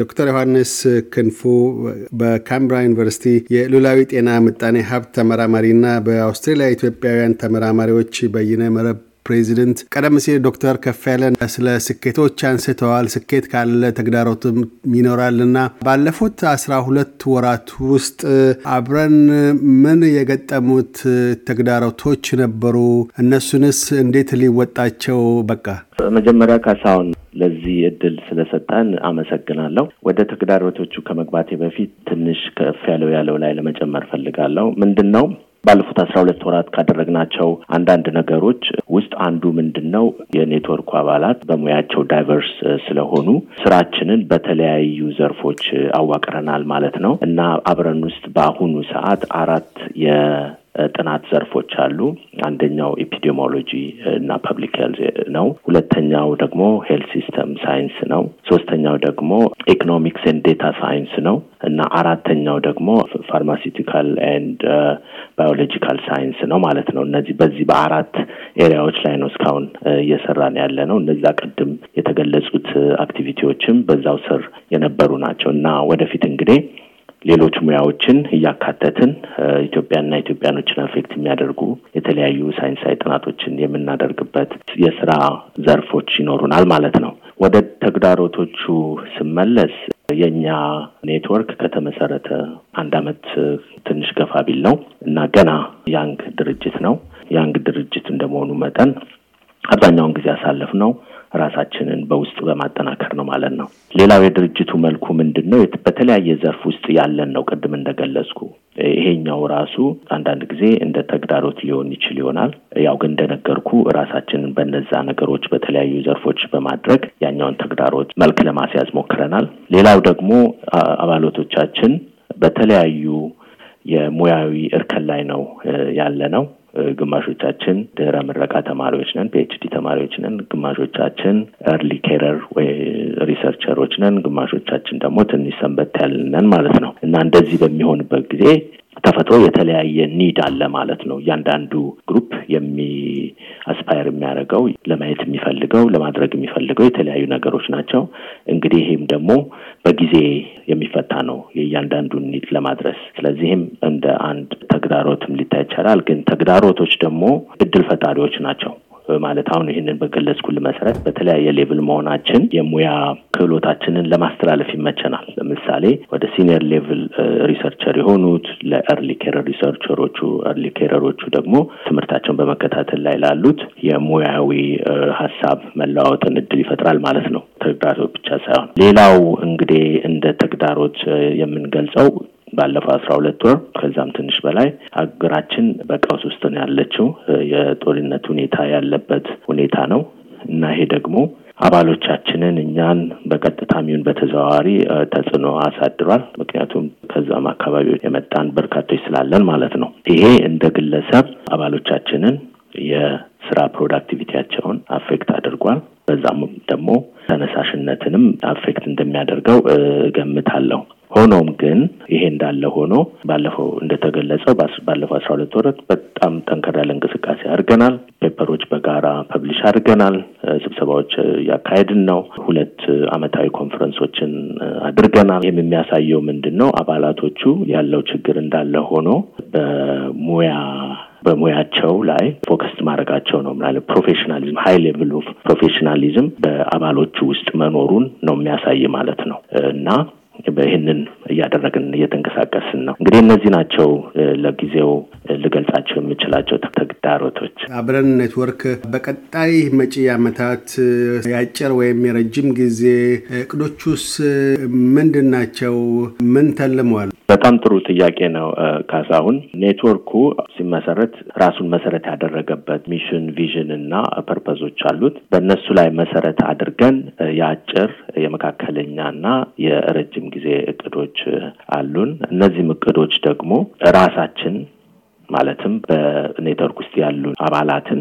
ዶክተር ዮሐንስ ክንፉ በካምብራ ዩኒቨርሲቲ የሉላዊ ጤና ምጣኔ ሀብት ተመራማሪና በአውስትሬልያ ኢትዮጵያውያን ተመራማሪዎች በይነ መረብ ፕሬዚደንት ቀደም ሲል ዶክተር ከፍያለ ስለ ስኬቶች አንስተዋል። ስኬት ካለ ተግዳሮትም ይኖራል እና ባለፉት አስራ ሁለት ወራት ውስጥ አብረን ምን የገጠሙት ተግዳሮቶች ነበሩ? እነሱንስ እንዴት ሊወጣቸው በቃ? መጀመሪያ ካሳሁን ለዚህ እድል ስለሰጠን አመሰግናለሁ። ወደ ተግዳሮቶቹ ከመግባቴ በፊት ትንሽ ከፍ ያለው ያለው ላይ ለመጨመር ፈልጋለሁ። ምንድን ነው ባለፉት አስራ ሁለት ወራት ካደረግናቸው አንዳንድ ነገሮች ውስጥ አንዱ ምንድን ነው? የኔትወርኩ አባላት በሙያቸው ዳይቨርስ ስለሆኑ ስራችንን በተለያዩ ዘርፎች አዋቅረናል ማለት ነው እና አብረን ውስጥ በአሁኑ ሰዓት አራት ጥናት ዘርፎች አሉ። አንደኛው ኢፒዲሞሎጂ እና ፐብሊክ ሄልዝ ነው። ሁለተኛው ደግሞ ሄልት ሲስተም ሳይንስ ነው። ሶስተኛው ደግሞ ኢኮኖሚክስ ኤንድ ዴታ ሳይንስ ነው እና አራተኛው ደግሞ ፋርማሲቲካል ኤንድ ባዮሎጂካል ሳይንስ ነው ማለት ነው። እነዚህ በዚህ በአራት ኤሪያዎች ላይ ነው እስካሁን እየሰራን ያለ ነው። እነዛ ቅድም የተገለጹት አክቲቪቲዎችም በዛው ስር የነበሩ ናቸው እና ወደፊት እንግዲህ ሌሎች ሙያዎችን እያካተትን ኢትዮጵያና ኢትዮጵያኖችን አፌክት የሚያደርጉ የተለያዩ ሳይንሳዊ ጥናቶችን የምናደርግበት የስራ ዘርፎች ይኖሩናል ማለት ነው። ወደ ተግዳሮቶቹ ስመለስ የእኛ ኔትወርክ ከተመሰረተ አንድ አመት ትንሽ ገፋ ቢል ነው እና ገና ያንግ ድርጅት ነው። ያንግ ድርጅት እንደመሆኑ መጠን አብዛኛውን ጊዜ ያሳለፍ ነው ራሳችንን በውስጥ በማጠናከር ነው ማለት ነው። ሌላው የድርጅቱ መልኩ ምንድን ነው? በተለያየ ዘርፍ ውስጥ ያለን ነው። ቅድም እንደገለጽኩ ይሄኛው ራሱ አንዳንድ ጊዜ እንደ ተግዳሮት ሊሆን ይችል ይሆናል። ያው ግን እንደነገርኩ ራሳችንን በነዛ ነገሮች በተለያዩ ዘርፎች በማድረግ ያኛውን ተግዳሮት መልክ ለማስያዝ ሞክረናል። ሌላው ደግሞ አባሎቶቻችን በተለያዩ የሙያዊ እርከን ላይ ነው ያለ ነው። ግማሾቻችን ድህረ ምረቃ ተማሪዎች ነን፣ ፒኤችዲ ተማሪዎች ነን። ግማሾቻችን ኤርሊ ኬረር ወይ ሪሰርቸሮች ነን። ግማሾቻችን ደግሞ ትንሽ ሰንበት ያልነን ማለት ነው እና እንደዚህ በሚሆንበት ጊዜ ተፈጥሮ የተለያየ ኒድ አለ ማለት ነው። እያንዳንዱ ግሩፕ የሚ አስፓየር የሚያደርገው ለማየት የሚፈልገው ለማድረግ የሚፈልገው የተለያዩ ነገሮች ናቸው። እንግዲህ ይህም ደግሞ በጊዜ የሚፈታ ነው የእያንዳንዱን ኒድ ለማድረስ። ስለዚህም እንደ አንድ ተግዳሮትም ሊታይ ይቻላል። ግን ተግዳሮቶች ደግሞ እድል ፈጣሪዎች ናቸው። ማለት አሁን ይህንን በገለጽኩል መሰረት በተለያየ ሌቭል መሆናችን የሙያ ክህሎታችንን ለማስተላለፍ ይመቸናል። ለምሳሌ ወደ ሲኒየር ሌቭል ሪሰርቸር የሆኑት ለእርሊ ኬረር ሪሰርቸሮቹ፣ እርሊ ኬረሮቹ ደግሞ ትምህርታቸውን በመከታተል ላይ ላሉት የሙያዊ ሀሳብ መለዋወጥን እድል ይፈጥራል ማለት ነው። ተግዳሮት ብቻ ሳይሆን ሌላው እንግዲህ እንደ ተግዳሮት የምንገልጸው ባለፈው አስራ ሁለት ወር ከዛም ትንሽ በላይ ሀገራችን በቀውስ ውስጥ ነው ያለችው። የጦርነት ሁኔታ ያለበት ሁኔታ ነው እና ይሄ ደግሞ አባሎቻችንን እኛን በቀጥታ ሚሆን በተዘዋዋሪ ተጽዕኖ አሳድሯል። ምክንያቱም ከዛም አካባቢ የመጣን በርካቶች ስላለን ማለት ነው። ይሄ እንደ ግለሰብ አባሎቻችንን የስራ ፕሮዳክቲቪቲያቸውን አፌክት አድርጓል። በዛም ደግሞ ተነሳሽነትንም አፌክት እንደሚያደርገው እገምታለሁ። ሆኖም ግን ይሄ እንዳለ ሆኖ ባለፈው እንደተገለጸው ባለፈው አስራ ሁለት ወረት በጣም ጠንከር ያለ እንቅስቃሴ አድርገናል። ፔፐሮች በጋራ ፐብሊሽ አድርገናል። ስብሰባዎች እያካሄድን ነው። ሁለት አመታዊ ኮንፈረንሶችን አድርገናል። ይህም የሚያሳየው ምንድን ነው? አባላቶቹ ያለው ችግር እንዳለ ሆኖ በሙያ በሙያቸው ላይ ፎከስ ማድረጋቸው ነው። ምናለ ፕሮፌሽናሊዝም ሀይ ሌቭል ኦፍ ፕሮፌሽናሊዝም በአባሎቹ ውስጥ መኖሩን ነው የሚያሳይ ማለት ነው እና ይህንን እያደረግን እየተንቀሳቀስን ነው። እንግዲህ እነዚህ ናቸው ለጊዜው ልገልጻቸው የምችላቸው ተግዳሮቶች አብረን ኔትወርክ በቀጣይ መጪ ዓመታት የአጭር ወይም የረጅም ጊዜ እቅዶቹስ ምንድን ናቸው? ምን ተልመዋል? በጣም ጥሩ ጥያቄ ነው ካሳሁን። ኔትወርኩ ሲመሰረት ራሱን መሰረት ያደረገበት ሚሽን፣ ቪዥን እና ፐርፐዞች አሉት። በእነሱ ላይ መሰረት አድርገን የአጭር የመካከለኛ እና የረጅም ጊዜ እቅዶች አሉን። እነዚህም እቅዶች ደግሞ ራሳችን ማለትም በኔትወርክ ውስጥ ያሉ አባላትን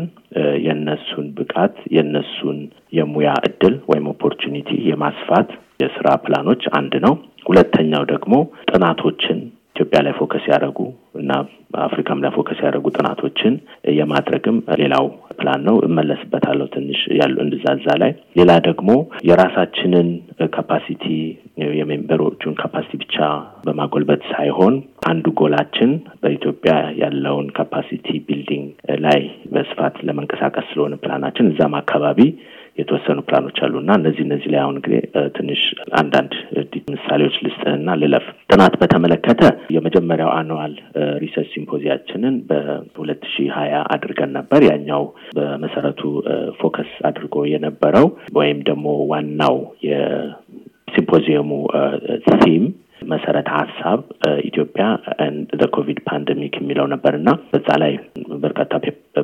የእነሱን ብቃት የእነሱን የሙያ እድል ወይም ኦፖርቹኒቲ የማስፋት የስራ ፕላኖች አንድ ነው። ሁለተኛው ደግሞ ጥናቶችን ኢትዮጵያ ላይ ፎከስ ያደረጉ እና አፍሪካም ላይ ፎከስ ያደረጉ ጥናቶችን የማድረግም ሌላው ፕላን ነው። እመለስበታለሁ ትንሽ ያሉ እንድዛዛ ላይ ሌላ ደግሞ የራሳችንን ካፓሲቲ የሜምበሮቹን ካፓሲቲ ብቻ በማጎልበት ሳይሆን አንዱ ጎላችን በኢትዮጵያ ያለውን ካፓሲቲ ቢልዲንግ ላይ በስፋት ለመንቀሳቀስ ስለሆነ ፕላናችን እዛም አካባቢ የተወሰኑ ፕላኖች አሉ እና እነዚህ እነዚህ ላይ አሁን እንግዲህ ትንሽ አንዳንድ ምሳሌዎች ልስጥህና ልለፍ። ጥናት በተመለከተ የመጀመሪያው አኑዋል ሪሰርች ሲምፖዚያችንን በሁለት ሺ ሀያ አድርገን ነበር። ያኛው በመሰረቱ ፎከስ አድርጎ የነበረው ወይም ደግሞ ዋናው የሲምፖዚየሙ ሲም መሰረተ ሀሳብ ኢትዮጵያ ኮቪድ ፓንደሚክ የሚለው ነበር እና በዛ ላይ በርካታ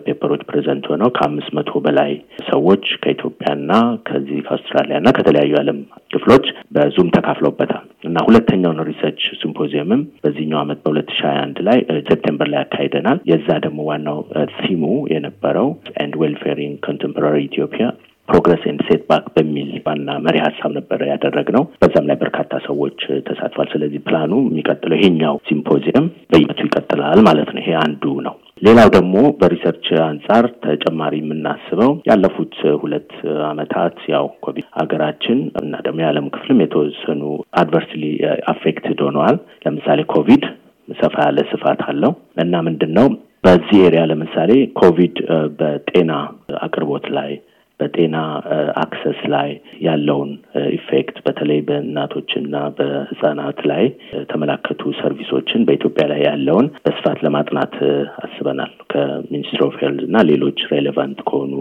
ፔፐሮች ፕሬዘንት ሆነው ከአምስት መቶ በላይ ሰዎች ከኢትዮጵያና ከዚህ ከአውስትራሊያና ከተለያዩ ዓለም ክፍሎች በዙም ተካፍለውበታል እና ሁለተኛውን ሪሰርች ሲምፖዚየምም በዚህኛው ዓመት በሁለት ሺ ሀያ አንድ ላይ ሴፕቴምበር ላይ ያካሂደናል። የዛ ደግሞ ዋናው ሲሙ የነበረው ኤንድ ዌልፌር ኢን ኮንቴምፖራሪ ኢትዮጵያ ፕሮግረስ ኤንድ ሴት ባክ በሚል ዋና መሪ ሀሳብ ነበረ ያደረግነው። በዛም ላይ በርካታ ሰዎች ተሳትፏል። ስለዚህ ፕላኑ የሚቀጥለው ይሄኛው ሲምፖዚየም በየቱ ይቀጥላል ማለት ነው። ይሄ አንዱ ነው። ሌላው ደግሞ በሪሰርች አንጻር ተጨማሪ የምናስበው ያለፉት ሁለት አመታት ያው ኮቪድ ሀገራችን እና ደግሞ የዓለም ክፍልም የተወሰኑ አድቨርስሊ አፌክትድ ሆነዋል። ለምሳሌ ኮቪድ ሰፋ ያለ ስፋት አለው እና ምንድን ነው በዚህ ኤሪያ ለምሳሌ ኮቪድ በጤና አቅርቦት ላይ በጤና አክሰስ ላይ ያለውን ኢፌክት በተለይ በእናቶችና በህጻናት ላይ የተመላከቱ ሰርቪሶችን በኢትዮጵያ ላይ ያለውን በስፋት ለማጥናት አስበናል። ከሚኒስትሪ ኦፍ ሄልዝ እና ሌሎች ሬሌቫንት ከሆኑ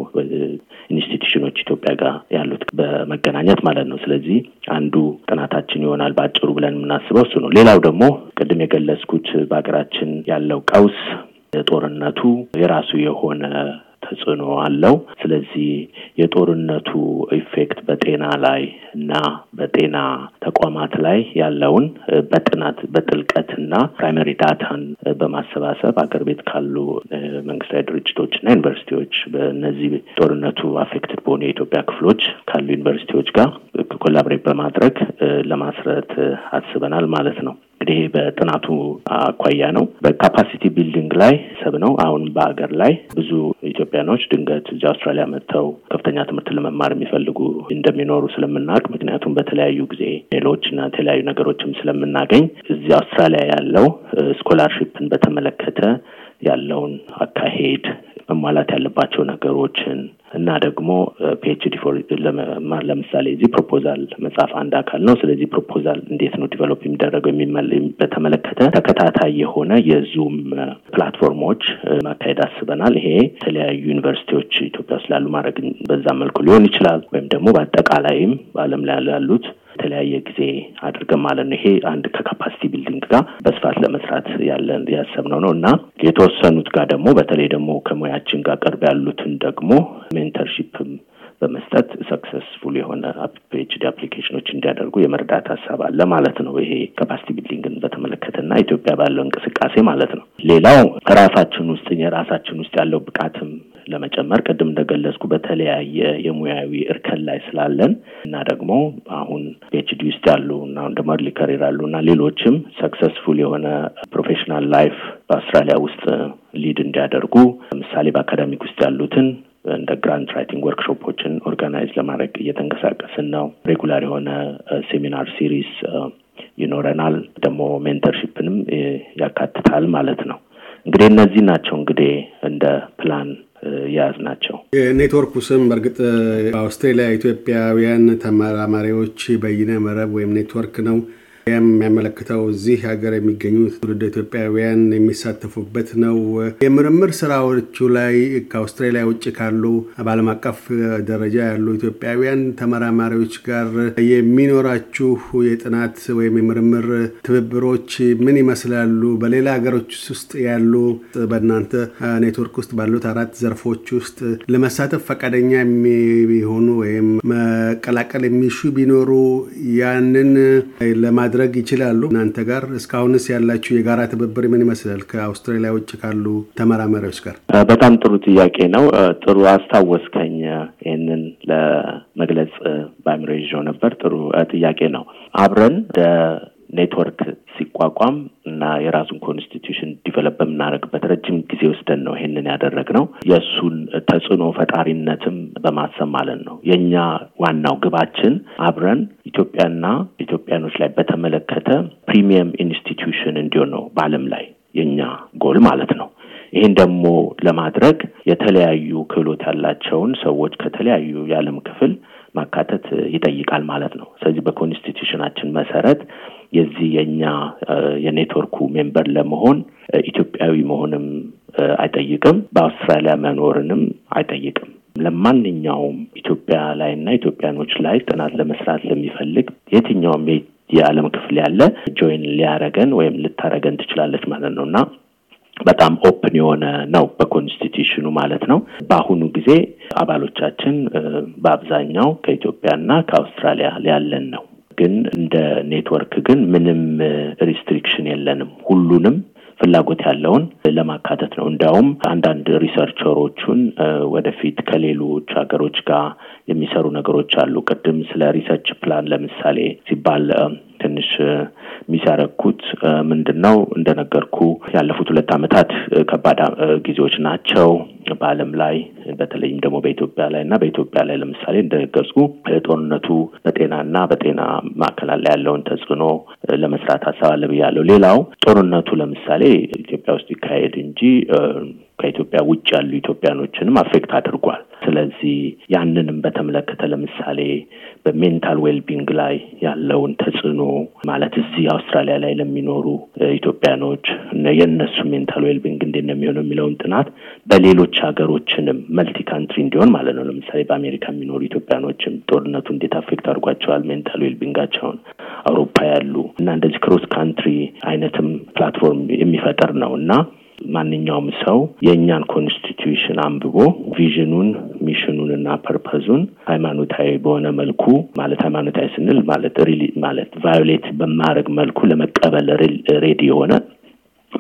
ኢንስቲትዩሽኖች ኢትዮጵያ ጋር ያሉት በመገናኘት ማለት ነው። ስለዚህ አንዱ ጥናታችን ይሆናል በአጭሩ ብለን የምናስበው እሱ ነው። ሌላው ደግሞ ቅድም የገለጽኩት በሀገራችን ያለው ቀውስ የጦርነቱ የራሱ የሆነ ተጽዕኖ አለው። ስለዚህ የጦርነቱ ኢፌክት በጤና ላይ እና በጤና ተቋማት ላይ ያለውን በጥናት በጥልቀት እና ፕራይመሪ ዳታን በማሰባሰብ አገር ቤት ካሉ መንግስታዊ ድርጅቶች እና ዩኒቨርሲቲዎች በእነዚህ ጦርነቱ አፌክትድ በሆኑ የኢትዮጵያ ክፍሎች ካሉ ዩኒቨርሲቲዎች ጋር ኮላብሬት በማድረግ ለማስረት አስበናል ማለት ነው። እንግዲህ በጥናቱ አኳያ ነው። በካፓሲቲ ቢልዲንግ ላይ ሰብ ነው። አሁን በሀገር ላይ ብዙ ኢትዮጵያኖች ድንገት እዚ አውስትራሊያ መጥተው ከፍተኛ ትምህርት ለመማር የሚፈልጉ እንደሚኖሩ ስለምናውቅ፣ ምክንያቱም በተለያዩ ጊዜ ሌሎች እና የተለያዩ ነገሮችም ስለምናገኝ እዚህ አውስትራሊያ ያለው ስኮላርሽፕን uh, በተመለከተ ያለውን አካሄድ መሟላት ያለባቸው ነገሮችን እና ደግሞ ፒኤችዲ ለመማር ለምሳሌ እዚህ ፕሮፖዛል መጽሐፍ አንድ አካል ነው። ስለዚህ ፕሮፖዛል እንዴት ነው ዲቨሎፕ የሚደረገው በተመለከተ ተከታታይ የሆነ የዙም ፕላትፎርሞች ማካሄድ አስበናል። ይሄ የተለያዩ ዩኒቨርሲቲዎች ኢትዮጵያ ውስጥ ላሉ ማድረግ በዛ መልኩ ሊሆን ይችላል ወይም ደግሞ በአጠቃላይም በዓለም ላይ ላሉት በተለያየ ጊዜ አድርገን ማለት ነው። ይሄ አንድ ከካፓሲቲ ቢልዲንግ ጋር በስፋት ለመስራት ያለን ያሰብነው ነው እና የተወሰኑት ጋር ደግሞ በተለይ ደግሞ ከሙያችን ጋር ቅርብ ያሉትን ደግሞ ሜንተርሺፕም በመስጠት ሰክሰስፉል የሆነ ፒኤችዲ አፕሊኬሽኖች እንዲያደርጉ የመርዳት ሀሳብ አለ ማለት ነው። ይሄ ካፓሲቲ ቢልዲንግን በተመለከተና ኢትዮጵያ ባለው እንቅስቃሴ ማለት ነው። ሌላው ራሳችን ውስጥ የራሳችን ውስጥ ያለው ብቃትም ለመጨመር ቅድም እንደገለጽኩ በተለያየ የሙያዊ እርከን ላይ ስላለን እና ደግሞ አሁን ፒኤችዲ ውስጥ ያሉ እና እንደ መርሊ ከሪር ያሉ እና ሌሎችም ሰክሰስፉል የሆነ ፕሮፌሽናል ላይፍ በአውስትራሊያ ውስጥ ሊድ እንዲያደርጉ ለምሳሌ በአካዳሚክ ውስጥ ያሉትን እንደ ግራንት ራይቲንግ ወርክሾፖችን ኦርጋናይዝ ለማድረግ እየተንቀሳቀስን ነው። ሬጉላር የሆነ ሴሚናር uh, ሲሪስ uh, ይኖረናል። ደግሞ ሜንተርሺፕንም uh, ያካትታል ማለት ነው። እንግዲህ እነዚህ ናቸው እንግዲህ እንደ ፕላን የያዝ ናቸው። የኔትወርኩ ስም በእርግጥ በአውስትሬሊያ ኢትዮጵያውያን ተመራማሪዎች በይነ መረብ ወይም ኔትወርክ ነው። የሚያመለክተው እዚህ ሀገር የሚገኙ ትውልደ ኢትዮጵያውያን የሚሳተፉበት ነው። የምርምር ስራዎቹ ላይ ከአውስትራሊያ ውጭ ካሉ በዓለም አቀፍ ደረጃ ያሉ ኢትዮጵያውያን ተመራማሪዎች ጋር የሚኖራችሁ የጥናት ወይም የምርምር ትብብሮች ምን ይመስላሉ? በሌላ ሀገሮች ውስጥ ያሉ በእናንተ ኔትወርክ ውስጥ ባሉት አራት ዘርፎች ውስጥ ለመሳተፍ ፈቃደኛ የሚሆኑ ወይም መቀላቀል የሚሹ ቢኖሩ ያንን ለማ ማድረግ ይችላሉ። እናንተ ጋር እስካሁንስ ያላችሁ የጋራ ትብብር ምን ይመስላል? ከአውስትራሊያ ውጭ ካሉ ተመራማሪዎች ጋር። በጣም ጥሩ ጥያቄ ነው። ጥሩ አስታወስከኝ። ይህንን ለመግለጽ በአእምሮ ይዤው ነበር። ጥሩ ጥያቄ ነው። አብረን ኔትወርክ ሲቋቋም እና የራሱን ኮንስቲቱሽን ዲቨሎፕ በምናደርግበት ረጅም ጊዜ ወስደን ነው ይሄንን ያደረግነው። የእሱን ተጽዕኖ ፈጣሪነትም በማሰብ ማለት ነው። የእኛ ዋናው ግባችን አብረን ኢትዮጵያና ኢትዮጵያኖች ላይ በተመለከተ ፕሪሚየም ኢንስቲትዩሽን እንዲሆን ነው በአለም ላይ የእኛ ጎል ማለት ነው። ይህን ደግሞ ለማድረግ የተለያዩ ክህሎት ያላቸውን ሰዎች ከተለያዩ የዓለም ክፍል ማካተት ይጠይቃል ማለት ነው። ስለዚህ በኮንስቲቱሽናችን መሰረት የዚህ የእኛ የኔትወርኩ ሜምበር ለመሆን ኢትዮጵያዊ መሆንም አይጠይቅም፣ በአውስትራሊያ መኖርንም አይጠይቅም። ለማንኛውም ኢትዮጵያ ላይ እና ኢትዮጵያኖች ላይ ጥናት ለመስራት ለሚፈልግ የትኛውም የዓለም ክፍል ያለ ጆይን ሊያረገን ወይም ልታረገን ትችላለች ማለት ነው እና በጣም ኦፕን የሆነ ነው በኮንስቲቱሽኑ ማለት ነው። በአሁኑ ጊዜ አባሎቻችን በአብዛኛው ከኢትዮጵያና ከአውስትራሊያ ያለን ነው። ግን እንደ ኔትወርክ ግን ምንም ሪስትሪክሽን የለንም። ሁሉንም ፍላጎት ያለውን ለማካተት ነው። እንዲያውም አንዳንድ ሪሰርቸሮቹን ወደፊት ከሌሎች ሀገሮች ጋር የሚሰሩ ነገሮች አሉ። ቅድም ስለ ሪሰርች ፕላን ለምሳሌ ሲባል ትንሽ የሚሰረኩት ምንድን ነው? እንደነገርኩ ያለፉት ሁለት ዓመታት ከባድ ጊዜዎች ናቸው በዓለም ላይ በተለይም ደግሞ በኢትዮጵያ ላይ እና በኢትዮጵያ ላይ ለምሳሌ እንደገጹ ጦርነቱ በጤናና በጤና ማዕከላት ላይ ያለውን ተጽዕኖ ለመስራት አሰባለብ አለ ብያለሁ። ሌላው ጦርነቱ ለምሳሌ ኢትዮጵያ ውስጥ ይካሄድ እንጂ ከኢትዮጵያ ውጭ ያሉ ኢትዮጵያኖችንም አፌክት አድርጓል። ስለዚህ ያንንም በተመለከተ ለምሳሌ በሜንታል ዌልቢንግ ላይ ያለውን ተጽዕኖ ማለት እዚህ አውስትራሊያ ላይ ለሚኖሩ ኢትዮጵያኖች የእነሱ ሜንታል ዌልቢንግ እንዴት ነው የሚሆነው የሚለውን ጥናት በሌሎች ሀገሮችንም መልቲ ካንትሪ እንዲሆን ማለት ነው። ለምሳሌ በአሜሪካ የሚኖሩ ኢትዮጵያኖችም ጦርነቱ እንዴት አፌክት አድርጓቸዋል ሜንታል ዌልቢንጋቸውን፣ አውሮፓ ያሉ እና እንደዚህ ክሮስ ካንትሪ አይነትም ፕላትፎርም የሚፈጠር ነው እና ማንኛውም ሰው የእኛን ኮንስቲትዩሽን አንብቦ ቪዥኑን፣ ሚሽኑን እና ፐርፐዙን ሃይማኖታዊ በሆነ መልኩ ማለት ሃይማኖታዊ ስንል ማለት ማለት ቫዮሌት በማድረግ መልኩ ለመቀበል ሬዲ የሆነ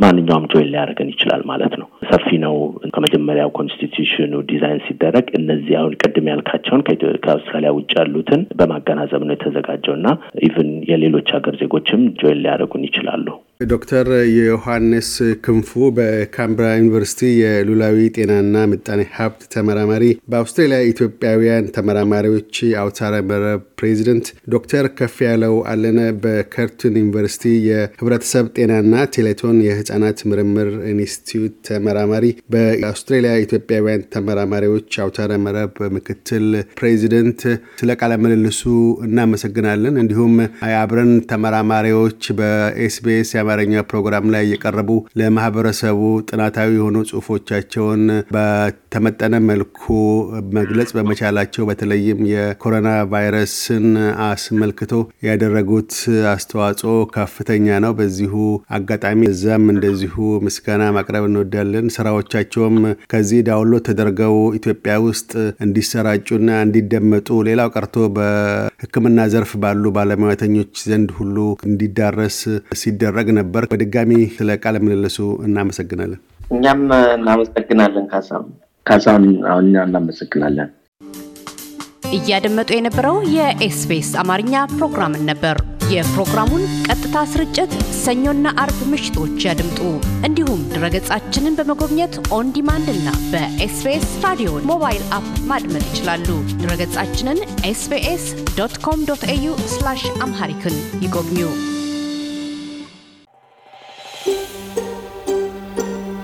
ማንኛውም ጆይን ሊያደርገን ይችላል ማለት ነው። ሰፊ ነው። ከመጀመሪያው ኮንስቲትዩሽኑ ዲዛይን ሲደረግ እነዚህ አሁን ቅድም ያልካቸውን ከአውስትራሊያ ውጭ ያሉትን በማገናዘብ ነው የተዘጋጀው እና ኢቭን የሌሎች ሀገር ዜጎችም ጆይን ሊያደርጉን ይችላሉ። ዶክተር ዮሐንስ ክንፉ በካምብራ ዩኒቨርሲቲ የሉላዊ ጤናና ምጣኔ ሀብት ተመራማሪ፣ በአውስትራሊያ ኢትዮጵያውያን ተመራማሪዎች አውታረ መረብ ፕሬዚደንት፣ ዶክተር ከፍ ያለው አለነ በከርቱን ዩኒቨርሲቲ የህብረተሰብ ጤናና ቴሌቶን የህፃናት ምርምር ኢንስቲትዩት ተመራማሪ፣ በአውስትሬሊያ ኢትዮጵያውያን ተመራማሪዎች አውታረ መረብ ምክትል ፕሬዚደንት፣ ስለ ቃለ ምልልሱ እናመሰግናለን። እንዲሁም አብረን ተመራማሪዎች በኤስቢኤስ የአማርኛ ፕሮግራም ላይ የቀረቡ ለማህበረሰቡ ጥናታዊ የሆኑ ጽሁፎቻቸውን በተመጠነ መልኩ መግለጽ በመቻላቸው በተለይም የኮሮና ቫይረስን አስመልክቶ ያደረጉት አስተዋጽኦ ከፍተኛ ነው። በዚሁ አጋጣሚ እዛም እንደዚሁ ምስጋና ማቅረብ እንወዳለን። ስራዎቻቸውም ከዚህ ዳውንሎድ ተደርገው ኢትዮጵያ ውስጥ እንዲሰራጩና እንዲደመጡ ሌላው ቀርቶ በሕክምና ዘርፍ ባሉ ባለሙያተኞች ዘንድ ሁሉ እንዲዳረስ ሲደረግ ነበር። በድጋሚ ስለ ቃለ ምልልሱ እናመሰግናለን። እኛም እናመሰግናለን። ካሳም ካሳም እኛ እናመሰግናለን። እያደመጡ የነበረው የኤስቢኤስ አማርኛ ፕሮግራምን ነበር። የፕሮግራሙን ቀጥታ ስርጭት ሰኞና አርብ ምሽቶች ያድምጡ። እንዲሁም ድረገጻችንን በመጎብኘት ኦን ዲማንድ እና በኤስቤስ ራዲዮ ሞባይል አፕ ማድመጥ ይችላሉ። ድረገጻችንን ኤስቤስ ዶት ኮም ዶት ኤዩ አምሃሪክን ይጎብኙ።